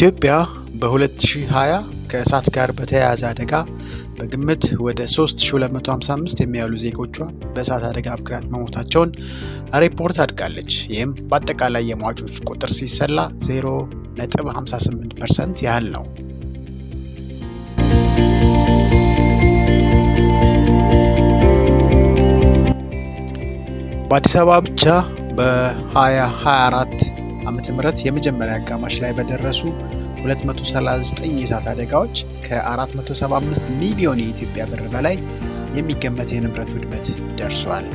ኢትዮጵያ በ2020 ከእሳት ጋር በተያያዘ አደጋ በግምት ወደ 3255 የሚያሉ ዜጎቿ በእሳት አደጋ ምክንያት መሞታቸውን ሪፖርት አድጋለች። ይህም በአጠቃላይ የሟቾች ቁጥር ሲሰላ 0.58 ፐርሰንት ያህል ነው። በአዲስ አበባ ብቻ በ2024 ዓመተ ምህረት የመጀመሪያ አጋማሽ ላይ በደረሱ 239 የእሳት አደጋዎች ከ475 ሚሊዮን የኢትዮጵያ ብር በላይ የሚገመት የንብረት ውድመት ደርሷል።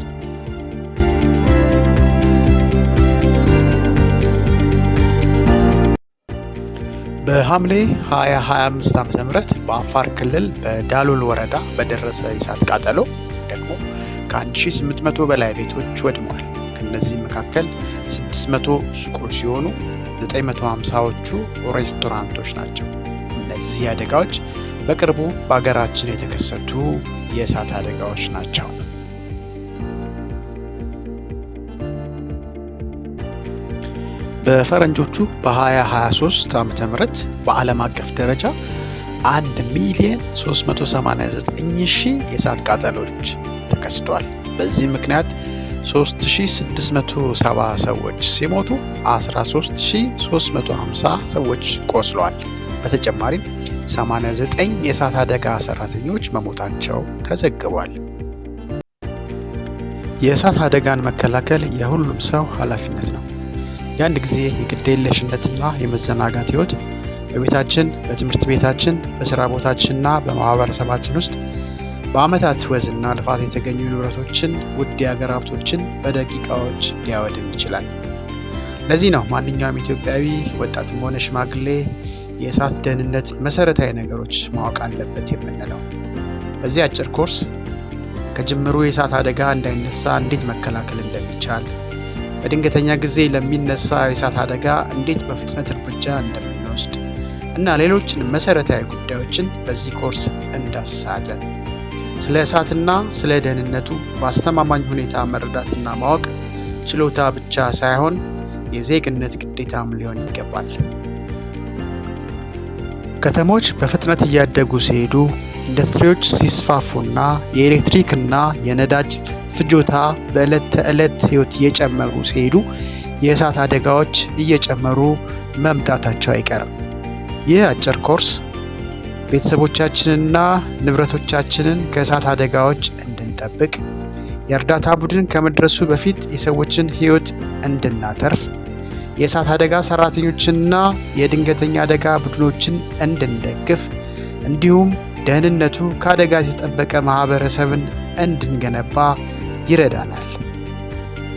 በሐምሌ 2025 ዓ ም በአፋር ክልል በዳሎል ወረዳ በደረሰ የእሳት ቃጠሎ ደግሞ ከ1800 በላይ ቤቶች ወድመዋል። ከነዚህ መካከል 600 ሱቆች ሲሆኑ 950ዎቹ ሬስቶራንቶች ናቸው። እነዚህ አደጋዎች በቅርቡ በሀገራችን የተከሰቱ የእሳት አደጋዎች ናቸው። በፈረንጆቹ በ2023 ም በዓለም አቀፍ ደረጃ 1 ሚሊየን 389 ሺህ የእሳት ቃጠሎች ተከስቷል። በዚህ ምክንያት 3670 ሰዎች ሲሞቱ 13350 ሰዎች ቆስለዋል። በተጨማሪም 89 የእሳት አደጋ ሰራተኞች መሞታቸው ተዘግቧል። የእሳት አደጋን መከላከል የሁሉም ሰው ኃላፊነት ነው። የአንድ ጊዜ የግዴለሽነትና የመዘናጋት ህይወት በቤታችን፣ በትምህርት ቤታችን፣ በስራ ቦታችንና በማህበረሰባችን ውስጥ በዓመታት ወዝና ልፋት የተገኙ ንብረቶችን ውድ የሀገር ሀብቶችን በደቂቃዎች ሊያወድም ይችላል። ለዚህ ነው ማንኛውም ኢትዮጵያዊ ወጣትም ሆነ ሽማግሌ የእሳት ደህንነት መሰረታዊ ነገሮች ማወቅ አለበት የምንለው። በዚህ አጭር ኮርስ ከጅምሩ የእሳት አደጋ እንዳይነሳ እንዴት መከላከል እንደሚቻል፣ በድንገተኛ ጊዜ ለሚነሳ የእሳት አደጋ እንዴት በፍጥነት እርምጃ እንደምንወስድ እና ሌሎችን መሰረታዊ ጉዳዮችን በዚህ ኮርስ እንዳስሳለን። ስለ እሳትና ስለ ደህንነቱ በአስተማማኝ ሁኔታ መረዳትና ማወቅ ችሎታ ብቻ ሳይሆን የዜግነት ግዴታም ሊሆን ይገባል። ከተሞች በፍጥነት እያደጉ ሲሄዱ ኢንዱስትሪዎች ሲስፋፉና የኤሌክትሪክና የነዳጅ ፍጆታ በዕለት ተዕለት ሕይወት እየጨመሩ ሲሄዱ የእሳት አደጋዎች እየጨመሩ መምጣታቸው አይቀርም። ይህ አጭር ኮርስ ቤተሰቦቻችንና ንብረቶቻችንን ከእሳት አደጋዎች እንድንጠብቅ የእርዳታ ቡድን ከመድረሱ በፊት የሰዎችን ሕይወት እንድናተርፍ የእሳት አደጋ ሠራተኞችንና የድንገተኛ አደጋ ቡድኖችን እንድንደግፍ እንዲሁም ደህንነቱ ከአደጋ የተጠበቀ ማህበረሰብን እንድንገነባ ይረዳናል።